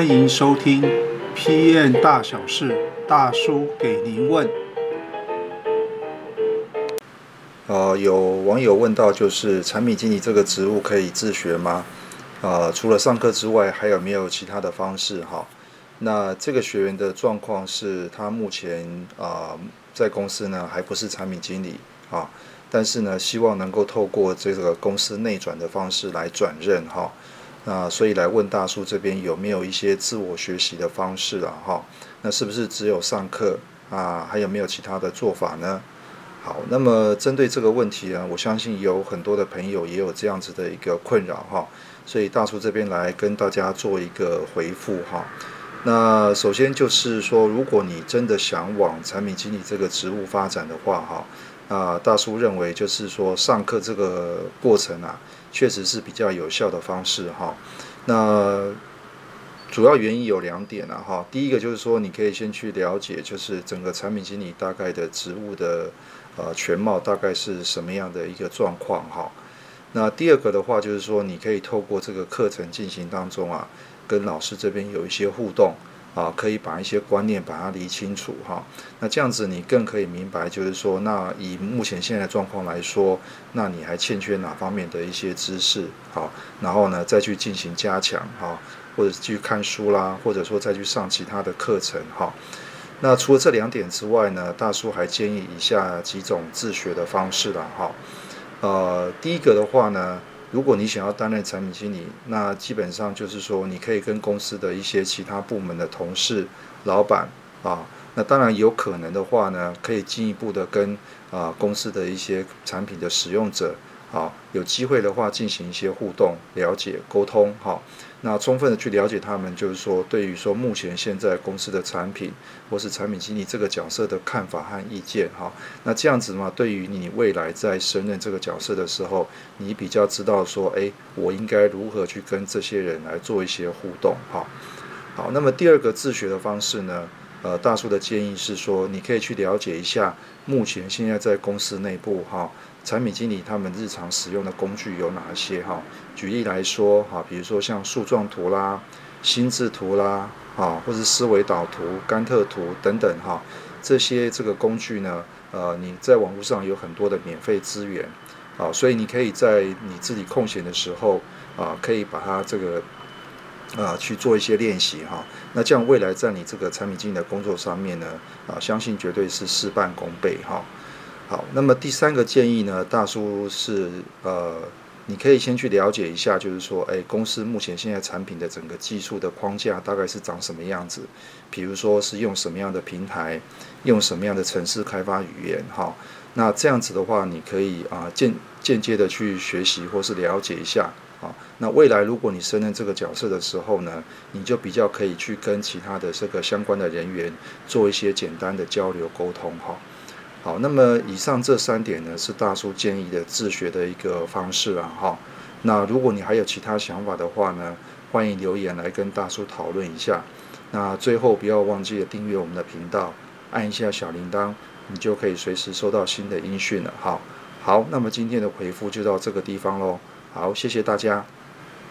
歡迎收聽《PM 大小事》，大叔給您問。呃、有網友問到，就是產品經理這個職務可以自學嗎、呃？除了上課之外，還有沒有其他的方式？哈、哦，那這個學員的狀況是，他目前啊、呃、在公司呢還不是產品經理啊、哦，但是呢希望能夠透過這個公司內轉的方式來轉任哈。哦那所以來問大叔這邊有沒有一些自我學習的方式了、啊、哈？那是不是只有上課啊？還有沒有其他的做法呢？好，那麼針對這個問題呢，我相信有很多的朋友也有這樣子的一個困擾哈、啊。所以大叔這邊來跟大家做一個回復哈、啊。那首先就是說，如果你真的想往產品經理這個職務發展的話哈、啊。啊、呃，大叔認為就是說，上課這個過程啊，確實是比較有效的方式哈。那主要原因有兩點啊哈，第一個就是說，你可以先去了解，就是整個產品經理大概的職務的呃全貌，大概是什麼樣的一個狀況哈。那第二個的話就是說，你可以透過這個課程進行當中啊，跟老師這邊有一些互動。啊，可以把一些觀念把它理清楚哈、啊。那這樣子你更可以明白，就是說，那以目前現在的狀況來說，那你還欠缺哪方面的一些知識？好、啊，然後呢，再去進行加強哈、啊，或者去看書啦，或者說再去上其他的課程哈、啊。那除了這兩點之外呢，大叔還建議以下幾種自學的方式啦。哈、啊。呃，第一個的話呢。如果你想要擔任產品經理，那基本上就是說，你可以跟公司的一些其他部門的同事、老闆啊，那當然有可能的話呢，可以進一步的跟啊公司的一些產品的使用者。好，有機會的話進行一些互動、了解、溝通，好，那充分的去了解他們，就是說對於說目前現在公司的產品或是產品經理這個角色的看法和意見，哈，那這樣子嘛，對於你未來在升任這個角色的時候，你比較知道說，哎、欸，我應該如何去跟這些人來做一些互動，哈，好，那麼第二個自學的方式呢？呃，大叔的建議是說，你可以去了解一下，目前現在在公司內部哈、哦，產品經理他們日常使用的工具有哪一些哈、哦？舉例來說哈、哦，比如說像樹狀圖啦、心智圖啦，哈、哦，或是思維導圖、甘特圖等等哈、哦，這些這個工具呢，呃，你在網絡上有很多的免費資源啊、哦，所以你可以在你自己空閒的時候啊、呃，可以把它這個。啊、呃，去做一些練習哈。那這樣未來在你這個產品經理的工作上面呢，啊、呃，相信絕對是事半功倍哈。好，那麼第三個建議呢，大叔是呃，你可以先去了解一下，就是說，哎、欸，公司目前現在產品的整個技術的框架大概是長什麼樣子？比如說是用什麼樣的平台，用什麼樣的程式開發語言哈。那這樣子的話，你可以啊，間、呃、間接的去學習或是了解一下。好，那未來如果你升任這個角色的時候呢，你就比較可以去跟其他的這個相關的人員做一些簡單的交流溝通哈。好，那麼以上這三點呢，是大叔建議的自學的一個方式啊哈。那如果你還有其他想法的話呢，歡迎留言來跟大叔討論一下。那最後不要忘記了訂閱我們的頻道，按一下小鈴鐺，你就可以隨時收到新的音訊了哈。好，那麼今天的回復就到這個地方嘍。好，謝謝大家。